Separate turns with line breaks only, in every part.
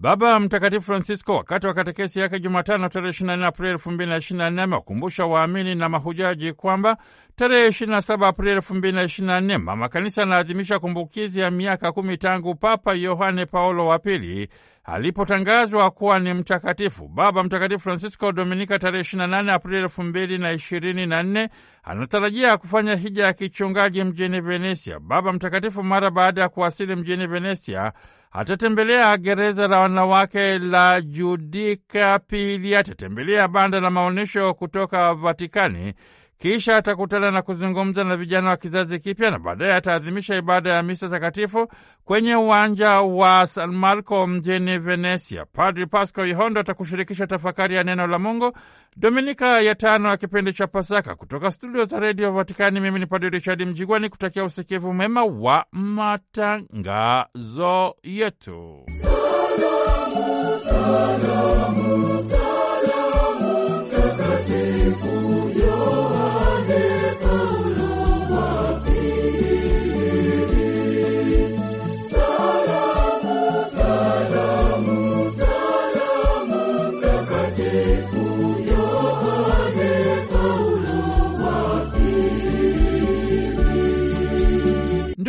Baba Mtakatifu Francisco wakati wa katekesi yake Jumatano tarehe 24 Aprili 2024 amewakumbusha waamini na mahujaji kwamba tarehe 27 Aprili 2024 mama kanisa anaadhimisha kumbukizi ya miaka kumi tangu Papa Yohane Paulo wa Pili alipotangazwa kuwa ni mtakatifu. Baba Mtakatifu Francisco Dominika tarehe 28 Aprili 2024 anatarajia kufanya hija ya kichungaji mjini Venesia. Baba Mtakatifu mara baada ya kuwasili mjini Venesia atatembelea gereza la wanawake la Judika, pili atatembelea banda la maonyesho kutoka Vatikani kisha atakutana na kuzungumza na vijana wa kizazi kipya na baadaye ataadhimisha ibada ya misa takatifu kwenye uwanja wa San Marco mjini Venesia. Padri Pasco Ihondo atakushirikisha tafakari ya neno la Mungu Dominika ya tano ya kipindi cha Pasaka. Kutoka studio za redio Vatikani, mimi ni Padri Richadi mjigwani kutakia usikivu mwema wa matangazo yetu.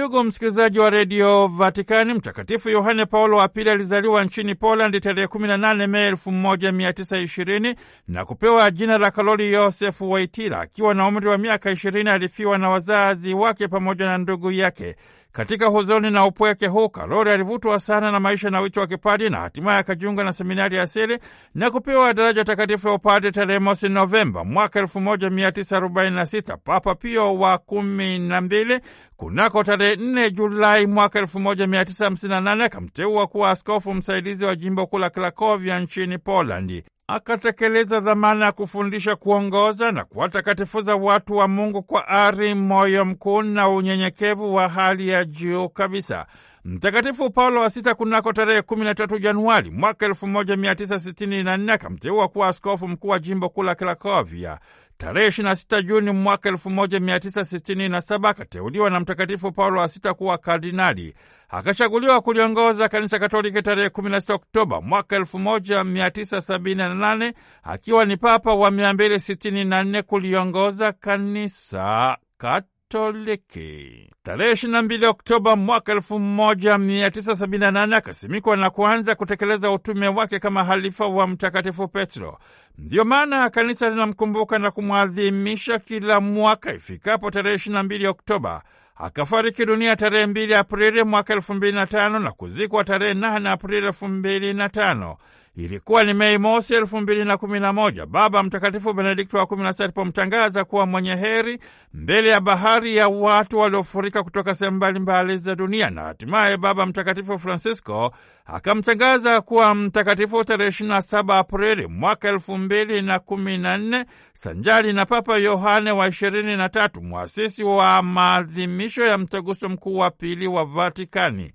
Ndugu msikilizaji wa redio Vatikani, Mtakatifu Yohane Paulo wa Pili alizaliwa nchini Polandi tarehe 18 Mei 1920 na kupewa jina la Karoli Yosefu Waitila. Akiwa na umri wa miaka 20 alifiwa na wazazi wake pamoja na ndugu yake. Katika huzuni na upweke huu, Karoli alivutwa sana na maisha na wito wa kipadi na hatimaye akajiunga na seminari ya asili na kupewa daraja takatifu ya upadi tarehe mosi Novemba mwaka 1946 Papa Pio wa kumi na mbili kunako tarehe 4 Julai mwaka 1958 akamteua kuwa askofu msaidizi wa jimbo kuu la Krakovia nchini Polandi akatekeleza dhamana ya kufundisha, kuongoza na kuwatakatifuza watu wa Mungu kwa ari, moyo mkuu na unyenyekevu wa hali ya juu kabisa. Mtakatifu Paulo wa Sita kunako tarehe 13 Januari mwaka 1964 akamteua kuwa askofu mkuu wa jimbo kuu la Krakovia. Tarehe 26 Juni mwaka 1967 akateuliwa na Mtakatifu Paulo wa Sita kuwa kardinali. Akachaguliwa kuliongoza kanisa Katoliki tarehe 16 Oktoba mwaka 1978 akiwa ni papa wa 264 kuliongoza kanisa kat Katoliki. Tarehe 22 Oktoba mwaka 1978 akasimikwa na kuanza kutekeleza utume wake kama halifa wa Mtakatifu Petro. Ndiyo maana kanisa linamkumbuka na kumwadhimisha kila mwaka ifikapo tarehe 22 Oktoba. Akafariki dunia tarehe 2 Aprili mwaka 2005 na kuzikwa tarehe 8 Aprili 2005. Ilikuwa ni Mei mosi elfu mbili na kumi na moja, Baba Mtakatifu Benedikto wa kumi na sita alipomtangaza kuwa mwenye heri mbele ya bahari ya watu waliofurika kutoka sehemu mbalimbali za dunia, na hatimaye Baba Mtakatifu Francisco akamtangaza kuwa mtakatifu tarehe 27 Aprili mwaka elfu mbili na kumi na nne sanjari na Papa Yohane wa ishirini na tatu, mwasisi wa maadhimisho ya Mtaguso Mkuu wa Pili wa Vatikani.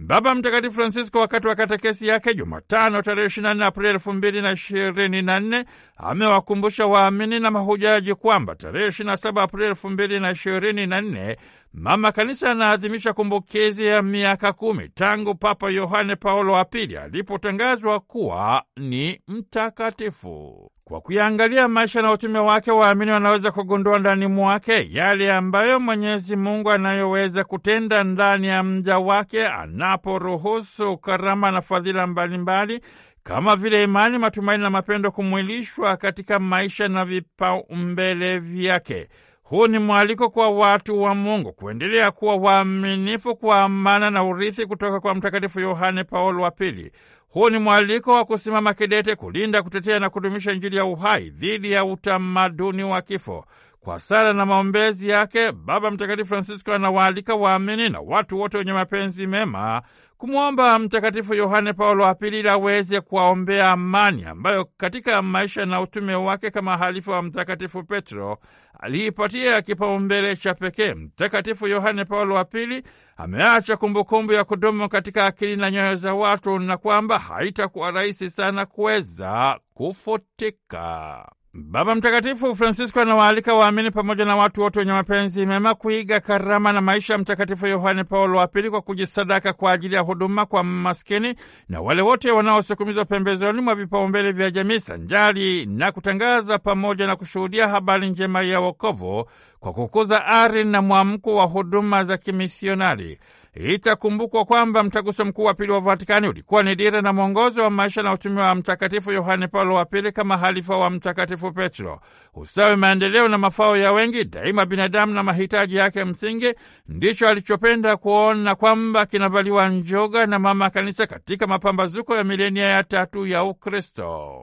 Baba Mtakatifu Francisco wakati wa katekesi yake Jumatano tarehe 24 Aprili 2024 amewakumbusha waamini na mahujaji kwamba tarehe 27 Aprili 2024 Mama Kanisa anaadhimisha kumbukizi ya miaka kumi tangu Papa Yohane Paulo wa Pili alipotangazwa kuwa ni mtakatifu. Kwa kuyangalia maisha na utume wake, waamini wanaweza kugundua ndani mwake yale ambayo Mwenyezi Mungu anayoweza kutenda ndani ya mja wake anaporuhusu karama na fadhila mbalimbali kama vile imani, matumaini na mapendo kumwilishwa katika maisha na vipaumbele vyake. Huu ni mwaliko kwa watu wa Mungu kuendelea kuwa waaminifu kwa amana na urithi kutoka kwa Mtakatifu Yohane Paulo wa Pili. Huu ni mwaliko wa kusimama kidete, kulinda, kutetea na kudumisha Injili ya uhai dhidi ya utamaduni wa kifo. Kwa sala na maombezi yake, Baba Mtakatifu Francisco anawaalika waamini na watu wote wenye mapenzi mema kumwomba Mtakatifu Yohane Paulo wa Pili ili aweze kuwaombea amani ambayo katika maisha na utume wake kama halifu wa Mtakatifu Petro aliipatia kipaumbele cha pekee. Mtakatifu Yohane Paulo wa Pili ameacha kumbukumbu ya kudumu katika akili na nyoyo za watu na kwamba haitakuwa rahisi sana kuweza kufutika. Baba Mtakatifu Francisco anawaalika waamini pamoja na watu wote wenye mapenzi mema kuiga karama na maisha ya Mtakatifu Yohane Paulo wa Pili kwa kujisadaka kwa ajili ya huduma kwa maskini na wale wote wanaosukumizwa pembezoni mwa vipaumbele vya jamii, sanjari na kutangaza pamoja na kushuhudia habari njema ya wokovu kwa kukuza ari na mwamko wa huduma za kimisionari. Itakumbukwa kwamba mtaguso mkuu wa pili wa Vatikani ulikuwa ni dira na mwongozo wa maisha na utumi wa Mtakatifu Yohane Paulo wa Pili kama halifa wa Mtakatifu Petro. Ustawi, maendeleo na mafao ya wengi daima, binadamu na mahitaji yake msingi, ndicho alichopenda kuona kwamba kinavaliwa njoga na Mama Kanisa katika mapambazuko ya milenia ya tatu ya Ukristo.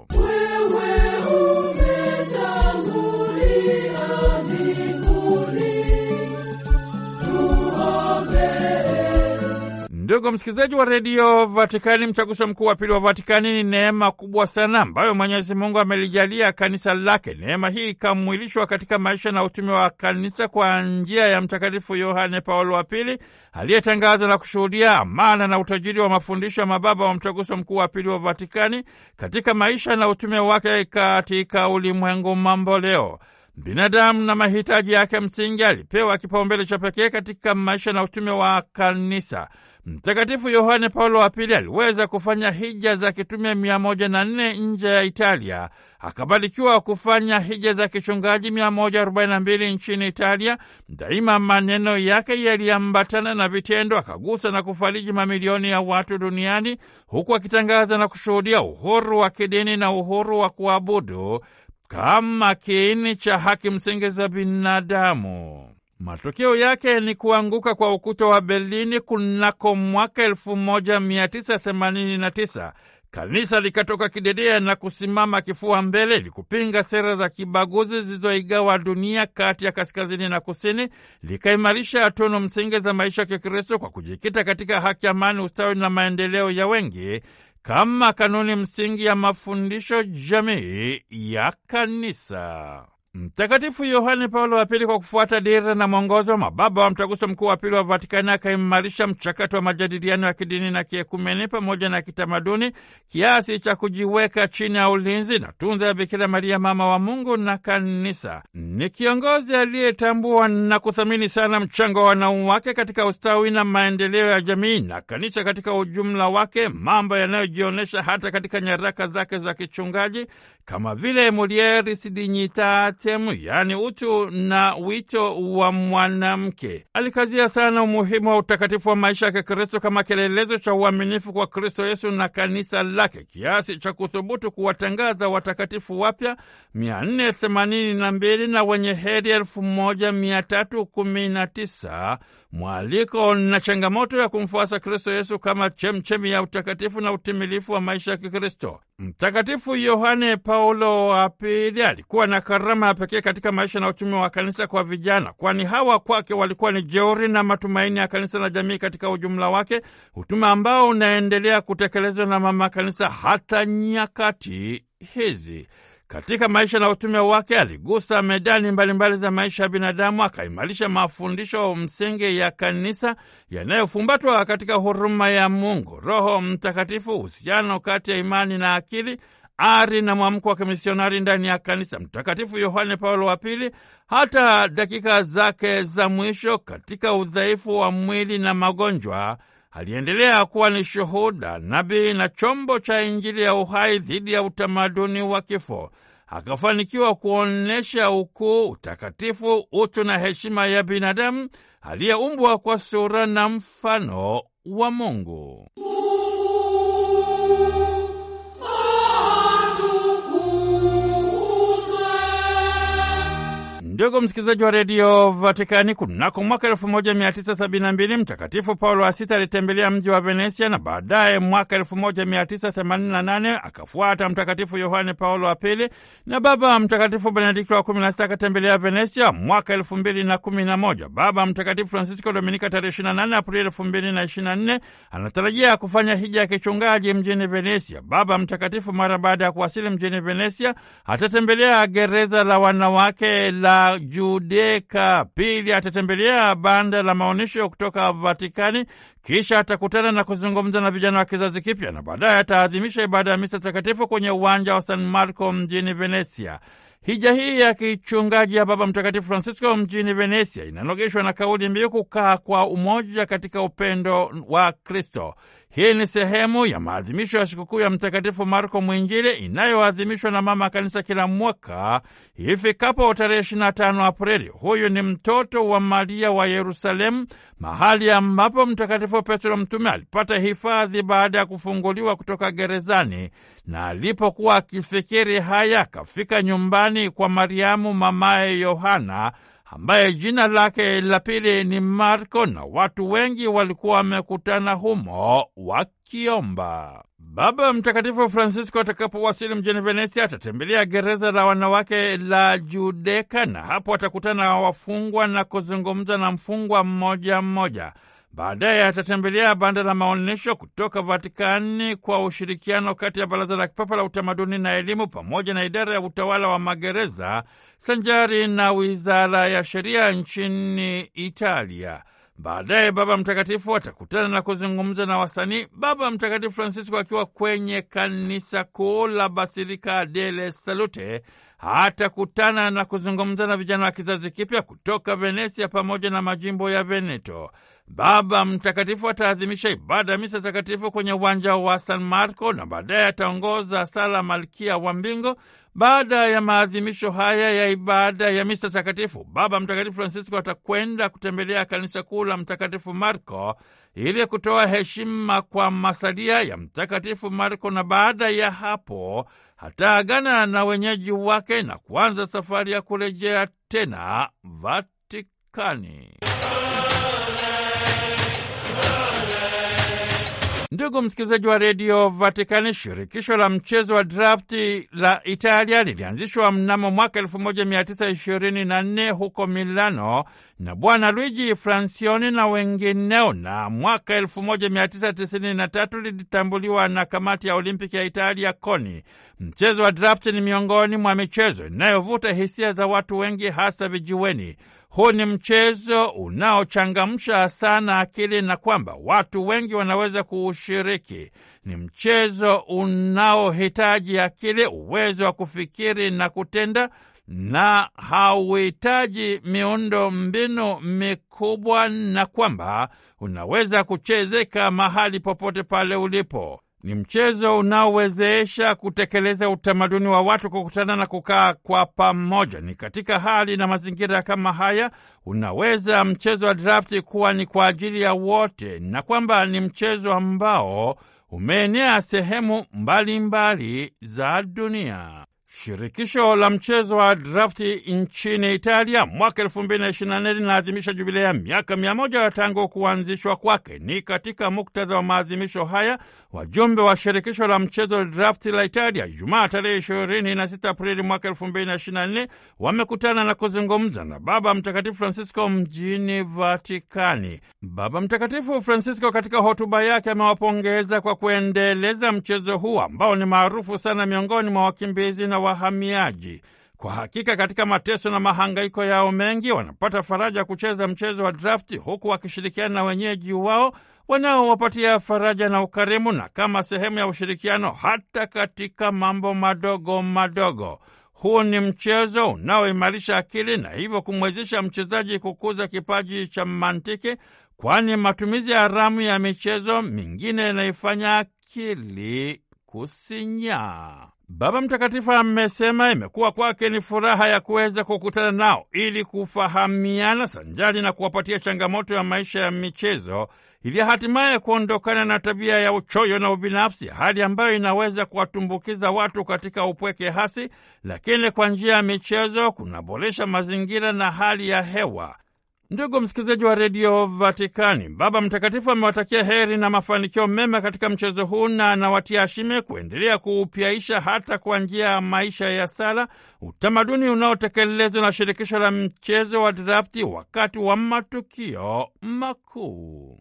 Ndugu msikilizaji wa redio Vatikani, mchaguso mkuu wa pili wa Vatikani ni neema kubwa sana ambayo Mwenyezi Mungu amelijalia kanisa lake. Neema hii ikamwilishwa katika maisha na utume wa kanisa kwa njia ya Mtakatifu Yohane Paulo wa Pili, aliyetangaza na kushuhudia amana na utajiri wa mafundisho ya mababa wa mchaguso mkuu wa pili wa Vatikani katika maisha na utume wake katika ulimwengu mambo leo. Binadamu na mahitaji yake msingi alipewa kipaumbele cha pekee katika maisha na utume wa kanisa. Mtakatifu Yohane Paulo wa Pili aliweza kufanya hija za kitume mia moja na nne nje ya Italia. Akabarikiwa kufanya hija za kichungaji mia moja arobaini na mbili nchini Italia. Daima maneno yake yaliambatana na vitendo, akagusa na kufariji mamilioni ya watu duniani, huku akitangaza na kushuhudia uhuru wa kidini na uhuru wa kuabudu kama kiini cha haki msingi za binadamu. Matokeo yake ni kuanguka kwa ukuta wa Berlini kunako mwaka 1989. Kanisa likatoka kidedea na kusimama kifua mbele likupinga sera za kibaguzi zilizoigawa dunia kati ya kaskazini na kusini, likaimarisha tunu msingi za maisha ya Kikristo kwa kujikita katika haki, amani, ustawi na maendeleo ya wengi kama kanuni msingi ya mafundisho jamii ya Kanisa. Mtakatifu Yohane Paulo wa Pili, kwa kufuata dira na mwongozo wa mababa wa mtaguso mkuu wa pili wa Vatikani, akaimarisha mchakato wa majadiliano ya kidini na kiekumene pamoja na kitamaduni kiasi cha kujiweka chini ya ulinzi na tunza ya Bikira Maria, mama wa Mungu na Kanisa. Ni kiongozi aliyetambua na kuthamini sana mchango wa wanawake katika ustawi na maendeleo ya jamii na kanisa katika ujumla wake, mambo yanayojionyesha hata katika nyaraka zake za kichungaji kama vile mulieris dignitatem, yaani utu na wito wa mwanamke. Alikazia sana umuhimu wa utakatifu wa maisha ya Kikristo kama kielelezo cha uaminifu kwa Kristo Yesu na kanisa lake kiasi cha kuthubutu kuwatangaza watakatifu wapya 482 na wenye heri 1319 mwaliko na changamoto ya kumfuasa Kristo Yesu kama chemchemi ya utakatifu na utimilifu wa maisha ya Kikristo. Mtakatifu Yohane Paulo wa Pili alikuwa na karama ya pekee katika maisha na uchumi wa kanisa kwa vijana, kwani hawa kwake walikuwa ni jeuri na matumaini ya kanisa na jamii katika ujumla wake, utume ambao unaendelea kutekelezwa na mama kanisa hata nyakati hizi. Katika maisha na utume wake aligusa medani mbalimbali za maisha ya binadamu, akaimarisha mafundisho msingi ya kanisa yanayofumbatwa katika huruma ya Mungu, Roho Mtakatifu, uhusiano kati ya imani na akili ari na mwamko wa kimisionari ndani ya kanisa. Mtakatifu Yohane Paulo wa Pili, hata dakika zake za mwisho, katika udhaifu wa mwili na magonjwa aliendelea kuwa ni shuhuda, nabii na chombo cha Injili ya uhai dhidi ya utamaduni wa kifo. Akafanikiwa kuonyesha ukuu, utakatifu, utu na heshima ya binadamu aliyeumbwa kwa sura na mfano wa Mungu. Ndugu msikilizaji wa redio Vatikani, kunako mwaka 1972 Mtakatifu Paulo wa Sita alitembelea mji wa Venesia na baadaye mwaka 1988 akafuata Mtakatifu Yohane Paulo wa Pili, na Baba Mtakatifu Benedikto wa 16 akatembelea Venesia mwaka 2011. Baba Mtakatifu Francisco Dominika tarehe 28 Aprili 2024 anatarajia kufanya hija ya kichungaji mjini Venesia. Baba Mtakatifu mara baada ya kuwasili mjini Venesia atatembelea gereza la wanawake la Judeka. Pili, atatembelea banda la maonyesho kutoka Vatikani, kisha atakutana na kuzungumza na vijana wa kizazi kipya, na baadaye ataadhimisha ibada ya misa takatifu kwenye uwanja wa San Marco mjini Venesia. Hija hii ya kichungaji ya Baba Mtakatifu Francisco mjini Venesia inanogeshwa na kauli mbiu kukaa kwa umoja katika upendo wa Kristo. Hii ni sehemu ya maadhimisho ya sikukuu ya Mtakatifu Marko Mwinjili inayoadhimishwa na Mama Kanisa kila mwaka ifikapo tarehe 25 Aprili. Huyu ni mtoto wa Maria wa Yerusalemu, mahali ambapo Mtakatifu Petro Mtume alipata hifadhi baada ya kufunguliwa kutoka gerezani na alipokuwa akifikiri haya, akafika nyumbani kwa Mariamu mamaye Yohana ambaye jina lake la pili ni Marko, na watu wengi walikuwa wamekutana humo wakiomba. Baba Mtakatifu Francisco atakapowasili mjini Venesia atatembelea gereza la wanawake la Judeka, na hapo atakutana wafungwa na kuzungumza na mfungwa mmoja mmoja. Baadaye atatembelea banda la maonyesho kutoka Vatikani kwa ushirikiano kati ya Baraza la Kipapa la Utamaduni na Elimu pamoja na idara ya utawala wa magereza sanjari na wizara ya sheria nchini Italia. Baadaye Baba Mtakatifu atakutana na kuzungumza na wasanii. Baba Mtakatifu Francisco akiwa kwenye kanisa kuu la Basilika Dele Salute atakutana na kuzungumza na vijana wa kizazi kipya kutoka Venesia pamoja na majimbo ya Veneto. Baba Mtakatifu ataadhimisha ibada ya misa takatifu kwenye uwanja wa San Marco na baadaye ataongoza sala Malkia wa Mbingo. Baada ya maadhimisho haya ya ibada ya misa takatifu, Baba Mtakatifu Francisco atakwenda kutembelea kanisa kuu la Mtakatifu marco ili kutoa heshima kwa masalia ya Mtakatifu marco na baada ya hapo hataagana na wenyeji wake na kuanza safari ya kurejea tena Vatikani. Ndugu msikilizaji wa redio Vatikani, shirikisho la mchezo wa drafti la Italia lilianzishwa mnamo mwaka 1924 huko Milano na Bwana Luigi Francioni na wengineo, na mwaka 1993 lilitambuliwa na kamati ya olimpiki ya Italia, coni Mchezo wa drafti ni miongoni mwa michezo inayovuta hisia za watu wengi, hasa vijiweni. Huu ni mchezo unaochangamsha sana akili na kwamba watu wengi wanaweza kuushiriki. Ni mchezo unaohitaji akili, uwezo wa kufikiri na kutenda, na hauhitaji miundo mbinu mikubwa, na kwamba unaweza kuchezeka mahali popote pale ulipo. Ni mchezo unaowezesha kutekeleza utamaduni wa watu kukutana na kukaa kwa pamoja. Ni katika hali na mazingira kama haya unaweza mchezo wa drafti kuwa ni kwa ajili ya wote, na kwamba ni mchezo ambao umeenea sehemu mbalimbali za dunia. Shirikisho la mchezo wa drafti nchini Italia mwaka elfu mbili na ishirini na nne linaadhimisha jubilea ya miaka mia moja tangu kuanzishwa kwake. Ni katika muktadha wa maadhimisho haya wajumbe wa shirikisho la mchezo drafti la Italia Ijumaa tarehe ishirini na sita Aprili mwaka elfu mbili na ishirini na nne wamekutana na kuzungumza na Baba Mtakatifu Francisco mjini Vatikani. Baba Mtakatifu Francisco katika hotuba yake amewapongeza kwa kuendeleza mchezo huu ambao ni maarufu sana miongoni mwa wakimbizi na wahamiaji. Kwa hakika katika mateso na mahangaiko yao mengi wanapata faraja kucheza mchezo wa drafti, huku wakishirikiana na wenyeji wao wanaowapatia faraja na ukarimu, na kama sehemu ya ushirikiano hata katika mambo madogo madogo. Huu ni mchezo unaoimarisha akili na hivyo kumwezesha mchezaji kukuza kipaji cha mantiki, kwani matumizi ya ramu ya michezo mingine yanaifanya akili kusinyaa. Baba Mtakatifu amesema imekuwa kwake ni furaha ya kuweza kukutana nao ili kufahamiana sanjari na kuwapatia changamoto ya maisha ya michezo ili hatimaye kuondokana na tabia ya uchoyo na ubinafsi, hali ambayo inaweza kuwatumbukiza watu katika upweke hasi, lakini kwa njia ya michezo kunaboresha mazingira na hali ya hewa. Ndugu msikilizaji wa redio Vatikani, Baba Mtakatifu amewatakia heri na mafanikio mema katika mchezo huu na anawatia shime kuendelea kuupyaisha hata kwa njia ya maisha ya sala, utamaduni unaotekelezwa na shirikisho la mchezo wa drafti wakati wa matukio makuu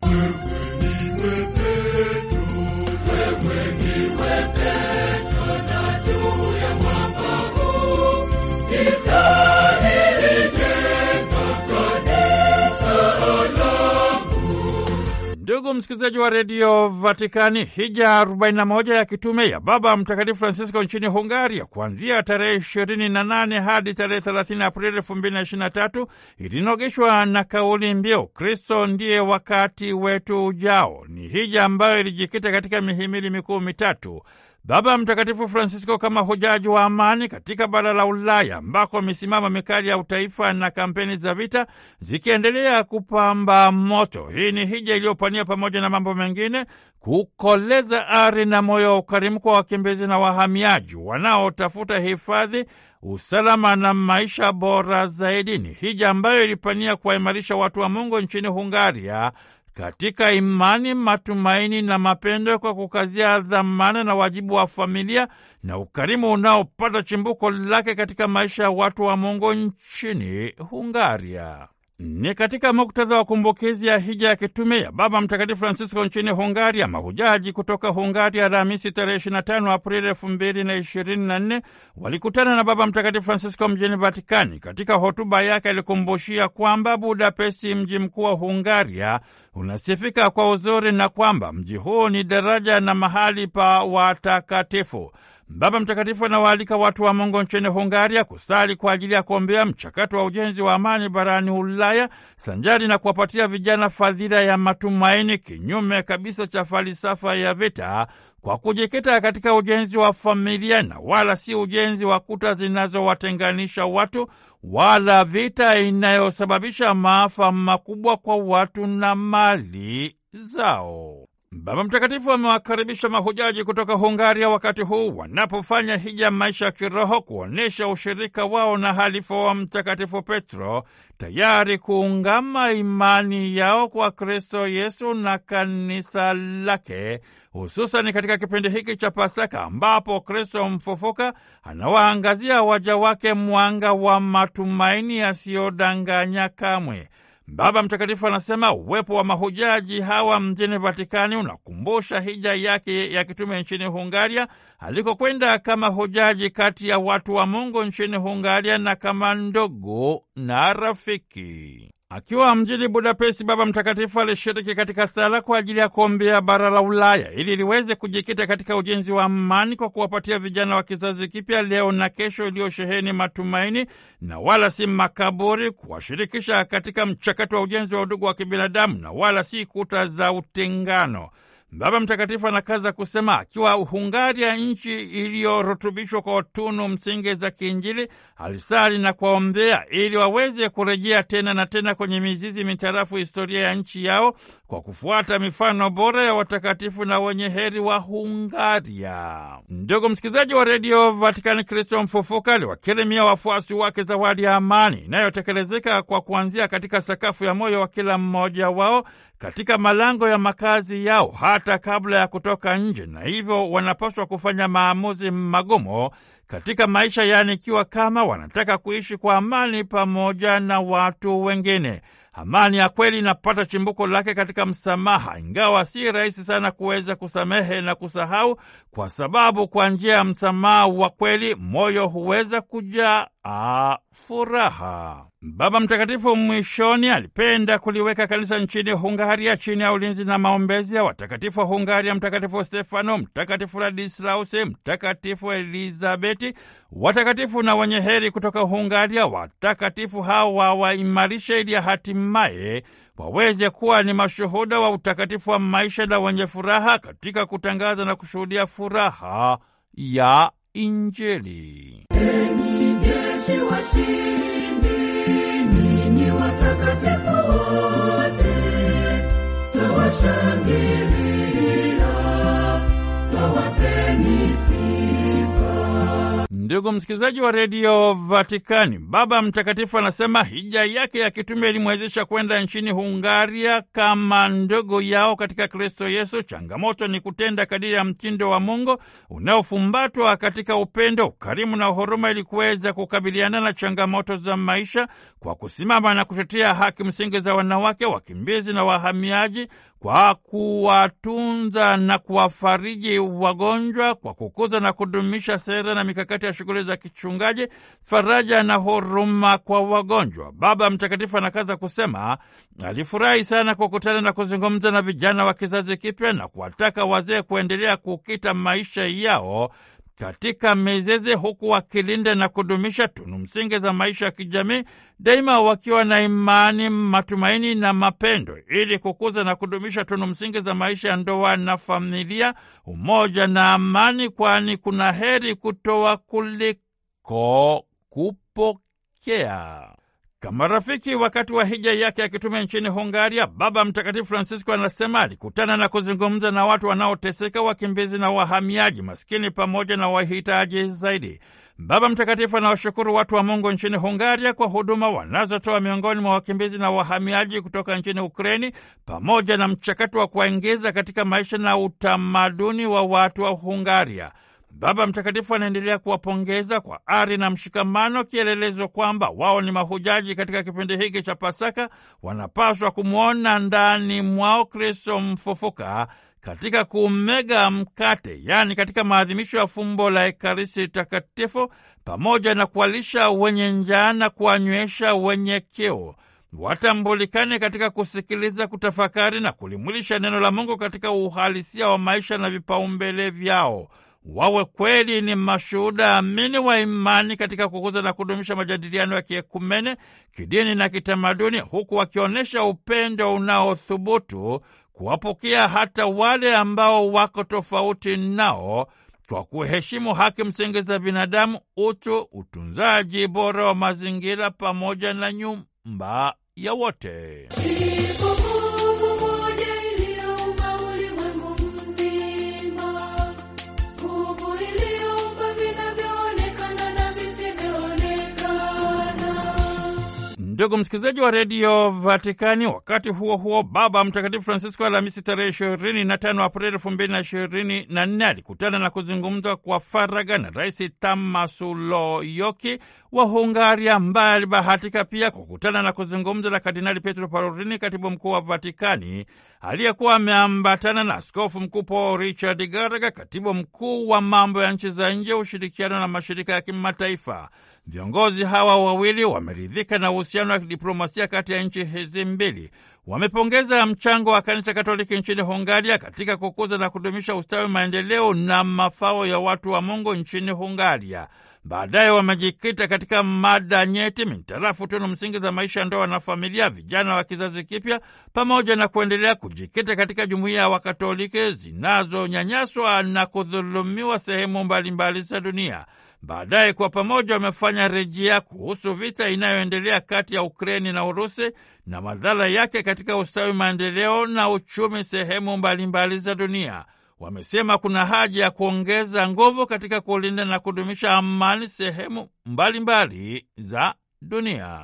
msikilizaji wa redio Vatikani, hija 41 ya kitume ya Baba Mtakatifu Francisco nchini Hungaria kuanzia tarehe 28 hadi tarehe 30 Aprili 2023 ilinogeshwa na kauli mbiu Kristo ndiye wakati wetu ujao. Ni hija ambayo ilijikita katika mihimili mikuu mitatu: Baba Mtakatifu Francisco kama hujaji wa amani katika bara la Ulaya ambako misimamo mikali ya utaifa na kampeni za vita zikiendelea kupamba moto. Hii ni hija iliyopania pamoja na mambo mengine kukoleza ari na moyo wa ukarimu kwa wakimbizi na wahamiaji wanaotafuta hifadhi, usalama na maisha bora zaidi. Ni hija ambayo ilipania kuwaimarisha watu wa Mungu nchini Hungaria katika imani, matumaini na mapendo, kwa kukazia dhamana na wajibu wa familia na ukarimu unaopata chimbuko lake katika maisha ya watu wa Mungu nchini Hungaria. Ni katika muktadha wa kumbukizi ya hija ya kitume ya Baba Mtakatifu Francisco nchini Hungaria. Mahujaji kutoka Hungaria Alhamisi tarehe 25 Aprili 2024 walikutana na Baba Mtakatifu Francisco mjini Vatikani. Katika hotuba yake alikumbushia kwamba Budapesti, mji mkuu wa Hungaria, unasifika kwa uzuri na kwamba mji huu ni daraja na mahali pa watakatifu. Baba Mtakatifu anawaalika watu wa Mungu nchini Hungaria kusali kwa ajili ya kuombea mchakato wa ujenzi wa amani barani Ulaya, sanjari na kuwapatia vijana fadhila ya matumaini, kinyume kabisa cha falsafa ya vita, kwa kujikita katika ujenzi wa familia na wala si ujenzi wa kuta zinazowatenganisha watu, wala vita inayosababisha maafa makubwa kwa watu na mali zao. Baba Mtakatifu amewakaribisha mahujaji kutoka Hungaria wakati huu wanapofanya hija maisha ya kiroho kuonyesha ushirika wao na halifa wa Mtakatifu Petro, tayari kuungama imani yao kwa Kristo Yesu na kanisa lake, hususani katika kipindi hiki cha Pasaka ambapo Kristo mfufuka anawaangazia waja wake mwanga wa matumaini yasiyodanganya kamwe. Baba Mtakatifu anasema uwepo wa mahujaji hawa mjini Vatikani unakumbusha hija yake ya kitume nchini Hungaria alikokwenda kama hujaji kati ya watu wa Mungu nchini Hungaria na kama ndugu na rafiki. Akiwa mjini Budapesti, Baba Mtakatifu alishiriki katika sala kwa ajili ya kuombea bara la Ulaya ili liweze kujikita katika ujenzi wa amani kwa kuwapatia vijana wa kizazi kipya leo na kesho iliyosheheni matumaini na wala si makaburi, kuwashirikisha katika mchakato wa ujenzi wa udugu wa kibinadamu na wala si kuta za utengano. Baba Mtakatifu anakaza kusema akiwa Hungaria, nchi iliyorutubishwa kwa tunu msingi za kiinjili, alisali na kuwaombea ili waweze kurejea tena na tena kwenye mizizi mitarafu historia ya nchi yao kwa kufuata mifano bora ya watakatifu na wenye heri wa Hungaria. Ndugu msikilizaji wa redio Vatikani, Kristo mfufuka aliwakirimia wafuasi wake zawadi ya amani inayotekelezeka kwa kuanzia katika sakafu ya moyo wa kila mmoja wao katika malango ya makazi yao hata kabla ya kutoka nje, na hivyo wanapaswa kufanya maamuzi magumu katika maisha, yaani ikiwa kama wanataka kuishi kwa amani pamoja na watu wengine. Amani ya kweli inapata chimbuko lake katika msamaha, ingawa si rahisi sana kuweza kusamehe na kusahau, kwa sababu kwa njia ya msamaha wa kweli moyo huweza kujaa a furaha. Baba Mtakatifu mwishoni alipenda kuliweka kanisa nchini Hungaria chini ya ulinzi na maombezi ya watakatifu wa Hungaria, Mtakatifu Stefano, Mtakatifu Ladislausi, Mtakatifu Elizabeti, watakatifu na wenye heri kutoka Hungaria. Watakatifu hawa waimarishe ili hatimaye waweze kuwa ni mashuhuda wa utakatifu wa maisha na wenye furaha katika kutangaza na kushuhudia furaha ya Injili. Ndugu msikilizaji wa redio Vatikani, Baba Mtakatifu anasema hija yake ya kitume ilimwezesha kwenda nchini Hungaria kama ndogo yao katika Kristo Yesu. Changamoto ni kutenda kadiri ya mtindo wa Mungu unaofumbatwa katika upendo, ukarimu na uhuruma, ili kuweza kukabiliana na changamoto za maisha kwa kusimama na kutetea haki msingi za wanawake, wakimbizi na wahamiaji kwa kuwatunza na kuwafariji wagonjwa, kwa kukuza na kudumisha sera na mikakati ya shughuli za kichungaji, faraja na huruma kwa wagonjwa. Baba Mtakatifu anakaza kusema alifurahi sana kukutana na kuzungumza na vijana wa kizazi kipya na kuwataka wazee kuendelea kukita maisha yao katika mizizi huku wakilinda na kudumisha tunu msingi za maisha ya kijamii, daima wakiwa na imani, matumaini na mapendo, ili kukuza na kudumisha tunu msingi za maisha ya ndoa na familia, umoja na amani, kwani kuna heri kutoa kuliko kupokea. Kama rafiki wakati wa hija yake kitume nchini Hungaria, Baba Mtakatifu Francisco anasema alikutana na kuzungumza na watu wanaoteseka, wakimbizi na wahamiaji, maskini pamoja na wahitaji zaidi. Baba Mtakatifu anawashukuru watu wa Mungu nchini Hungaria kwa huduma wanazotoa miongoni mwa wakimbizi na wahamiaji kutoka nchini Ukraini, pamoja na mchakato wa kuwaingiza katika maisha na utamaduni wa watu wa Hungaria. Baba Mtakatifu anaendelea kuwapongeza kwa ari na mshikamano, kielelezo kwamba wao ni mahujaji katika kipindi hiki cha Pasaka, wanapaswa kumwona ndani mwao Kristo mfufuka katika kumega mkate, yaani katika maadhimisho ya fumbo la Ekaristi Takatifu, pamoja na kuwalisha wenye njaa na kuwanywesha wenye kiu watambulikane katika kusikiliza, kutafakari na kulimwilisha neno la Mungu katika uhalisia wa maisha na vipaumbele vyao wawe kweli ni mashuhuda amini wa imani katika kukuza na kudumisha majadiliano ya kiekumene, kidini na kitamaduni, huku wakionyesha upendo unaothubutu kuwapokea hata wale ambao wako tofauti nao kwa kuheshimu haki msingi za binadamu, utu, utunzaji bora wa mazingira pamoja na nyumba ya wote. Ndugu msikilizaji wa redio Vatikani, wakati huo huo, Baba Mtakatifu Francisco Alhamisi tarehe ishirini na tano Aprili elfu mbili na ishirini na nne alikutana na kuzungumza kwa faraga na Rais Tamasuloyoki wa Hungaria, ambaye alibahatika pia kukutana na kuzungumza na Kardinali petro parorini katibu mkuu wa Vatikani, aliyekuwa ameambatana na askofu mkuu Paul Richard Garaga, katibu mkuu wa mambo ya nchi za nje, ushirikiano na mashirika ya kimataifa. Viongozi hawa wawili wameridhika na uhusiano wa kidiplomasia kati ya nchi hizi mbili. Wamepongeza mchango wa Kanisa Katoliki nchini Hungaria katika kukuza na kudumisha ustawi, maendeleo na mafao ya watu wa Mungu nchini Hungaria. Baadaye wamejikita katika mada nyeti mintarafu tunu msingi za maisha, ndoa na familia, vijana wa kizazi kipya, pamoja na kuendelea kujikita katika jumuiya ya Wakatoliki zinazonyanyaswa na kudhulumiwa sehemu mbalimbali za dunia. Baadaye kwa pamoja wamefanya rejea kuhusu vita inayoendelea kati ya Ukreni na Urusi na madhara yake katika ustawi, maendeleo na uchumi sehemu mbalimbali za dunia. Wamesema kuna haja ya kuongeza nguvu katika kulinda na kudumisha amani sehemu mbalimbali za dunia.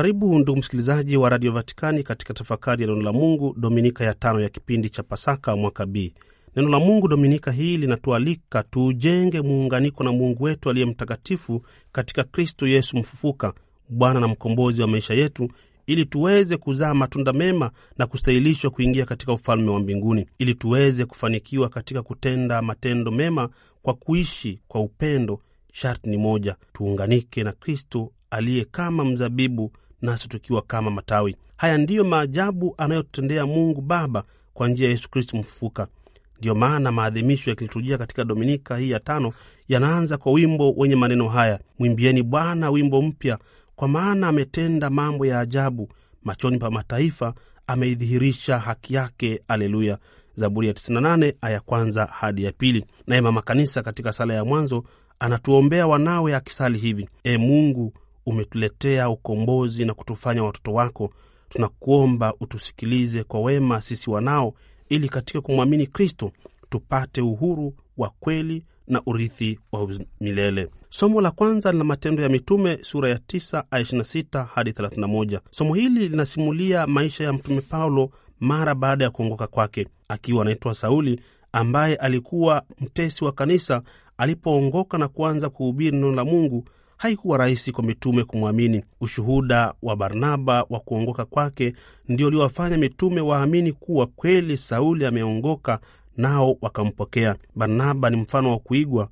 Karibu ndugu msikilizaji wa Radio Vatikani katika tafakari ya neno la Mungu dominika ya tano ya kipindi cha Pasaka mwaka B. Neno la Mungu dominika hii linatualika tuujenge muunganiko na Mungu wetu aliye mtakatifu katika Kristo Yesu mfufuka, Bwana na mkombozi wa maisha yetu ili tuweze kuzaa matunda mema na kustahilishwa kuingia katika ufalme wa mbinguni, ili tuweze kufanikiwa katika kutenda matendo mema kwa kuishi kwa upendo, sharti ni moja, tuunganike na Kristo aliye kama mzabibu nasi tukiwa kama matawi. Haya ndiyo maajabu anayotutendea Mungu Baba kwa njia ya Yesu Kristo mfufuka. Ndiyo maana maadhimisho ya kiliturujia katika dominika hii ya tano yanaanza kwa wimbo wenye maneno haya: mwimbieni Bwana wimbo mpya, kwa maana ametenda mambo ya ajabu, machoni pa mataifa ameidhihirisha haki yake. Aleluya. Zaburi ya 98 aya kwanza hadi ya pili. Naye mama kanisa katika sala ya mwanzo anatuombea wanawe akisali hivi: E Mungu, umetuletea ukombozi na kutufanya watoto wako. Tunakuomba utusikilize kwa wema sisi wanao, ili katika kumwamini Kristo tupate uhuru wa kweli na urithi wa milele. Somo la kwanza lina Matendo ya Mitume sura ya 9 aya 26 hadi 31. Somo hili linasimulia maisha ya Mtume Paulo mara baada ya kuongoka kwake, akiwa anaitwa Sauli ambaye alikuwa mtesi wa kanisa. Alipoongoka na kuanza kuhubiri neno la Mungu, haikuwa rahisi kwa mitume kumwamini. Ushuhuda wa Barnaba wa kuongoka kwake ndio uliowafanya mitume waamini kuwa kweli Sauli ameongoka, nao wakampokea. Barnaba ni mfano wa kuigwa.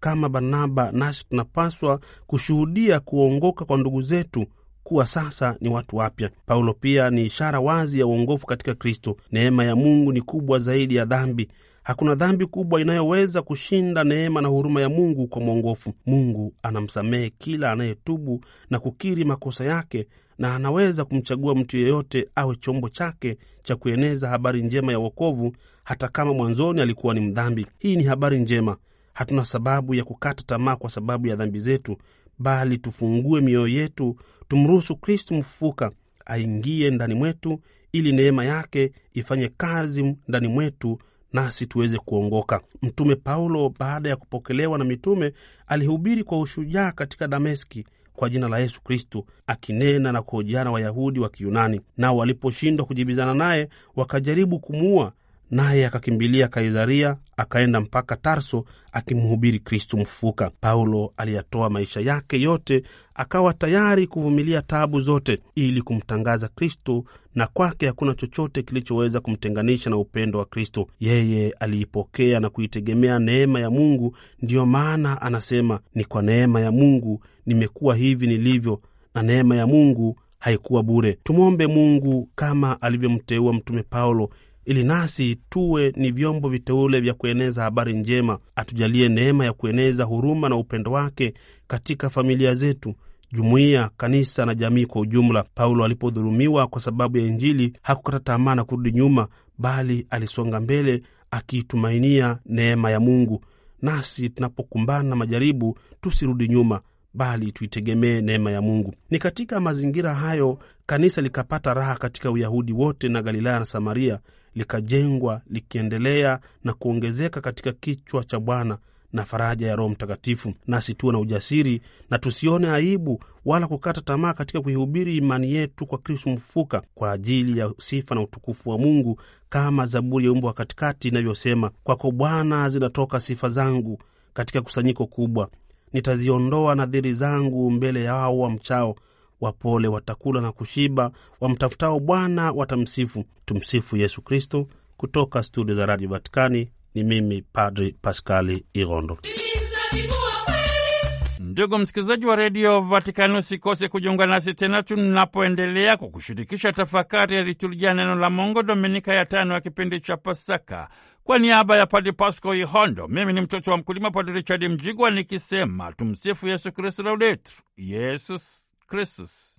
Kama Barnaba, nasi tunapaswa kushuhudia kuongoka kwa ndugu zetu kuwa sasa ni watu wapya. Paulo pia ni ishara wazi ya uongofu katika Kristo. Neema ya Mungu ni kubwa zaidi ya dhambi. Hakuna dhambi kubwa inayoweza kushinda neema na huruma ya Mungu kwa mwongofu. Mungu anamsamehe kila anayetubu na kukiri makosa yake, na anaweza kumchagua mtu yeyote awe chombo chake cha kueneza habari njema ya wokovu, hata kama mwanzoni alikuwa ni mdhambi. Hii ni habari njema. Hatuna sababu ya kukata tamaa kwa sababu ya dhambi zetu, bali tufungue mioyo yetu, tumruhusu Kristu mfufuka aingie ndani mwetu, ili neema yake ifanye kazi ndani mwetu nasi tuweze kuongoka. Mtume Paulo baada ya kupokelewa na mitume alihubiri kwa ushujaa katika Dameski kwa jina la Yesu Kristu, akinena na kuhojiana Wayahudi wa Kiyunani. Nao waliposhindwa kujibizana naye, wakajaribu kumuua, naye akakimbilia Kaisaria akaenda mpaka Tarso akimhubiri Kristu mfuka. Paulo aliyatoa maisha yake yote, akawa tayari kuvumilia taabu zote ili kumtangaza Kristu, na kwake hakuna chochote kilichoweza kumtenganisha na upendo wa Kristu. Yeye aliipokea na kuitegemea neema ya Mungu. Ndiyo maana anasema, ni kwa neema ya Mungu nimekuwa hivi nilivyo, na neema ya Mungu haikuwa bure. Tumwombe Mungu kama alivyomteua Mtume Paulo ili nasi tuwe ni vyombo viteule vya kueneza habari njema. Atujalie neema ya kueneza huruma na upendo wake katika familia zetu, jumuiya, kanisa na jamii kwa ujumla. Paulo alipodhulumiwa kwa sababu ya Injili hakukata tamaa na kurudi nyuma, bali alisonga mbele akiitumainia neema ya Mungu. Nasi tunapokumbana na majaribu tusirudi nyuma, bali tuitegemee neema ya Mungu. Ni katika mazingira hayo kanisa likapata raha katika Uyahudi wote na Galilaya na Samaria, likajengwa likiendelea na kuongezeka katika kichwa cha Bwana na faraja ya Roho Mtakatifu. Nasi tuwe na ujasiri na tusione aibu wala kukata tamaa katika kuihubiri imani yetu kwa Kristu mfufuka kwa ajili ya sifa na utukufu wa Mungu, kama Zaburi ya umbo wa katikati inavyosema: kwako Bwana zinatoka sifa zangu katika kusanyiko kubwa, nitaziondoa nadhiri zangu mbele ya wa mchao wapole watakula na kushiba, wamtafutao Bwana watamsifu. Tumsifu Yesu Kristo. Kutoka studio za Radio Vatikani ni mimi Padri Paskali Irondo.
Ndugu msikilizaji wa redio Vatikani, usikose kujiunga nasi tena tunapoendelea kwa kushirikisha tafakari ya liturujia neno la Mungu, dominika ya tano ya kipindi cha Pasaka. Kwa niaba ya Padri Pasco Ihondo, mimi ni mtoto wa mkulima Padri Richard Mjigwa nikisema tumsifu Yesu Kristu, laudetur Yesus Cresces.